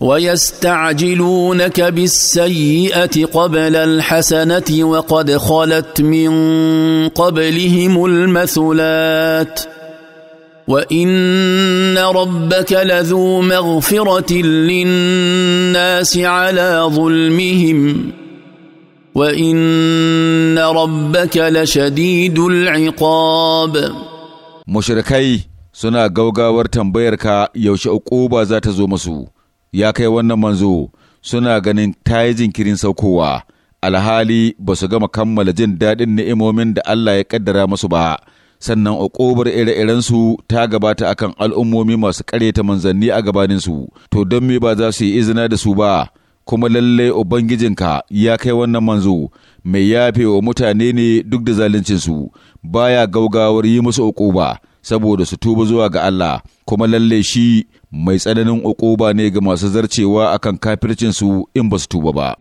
ويستعجلونك بالسيئه قبل الحسنه وقد خلت من قبلهم المثلات وان ربك لذو مغفره للناس على ظلمهم وان ربك لشديد العقاب مشركي سنا غوغا tambayarka بيركا uquba اقوبا ذات زومسو ya kai wannan manzo suna ganin ta yi jinkirin saukowa alhali ba su gama kammala jin daɗin ni'imomin da Allah ya ƙaddara masu ba sannan uƙobar ire-irensu ta gabata akan al'ummomi masu ƙareta manzanni a gabaninsu to don me ba za su yi izina da su ba kuma lalle ubangijinka ya kai wannan manzo mai yafe wa mutane ne duk da zaluncinsu baya gaugawar yi musu uƙuba saboda su tuba zuwa ga Allah kuma lalle shi mai tsananin ukuba ne ga masu zarcewa akan kafircinsu in ba su tuba ba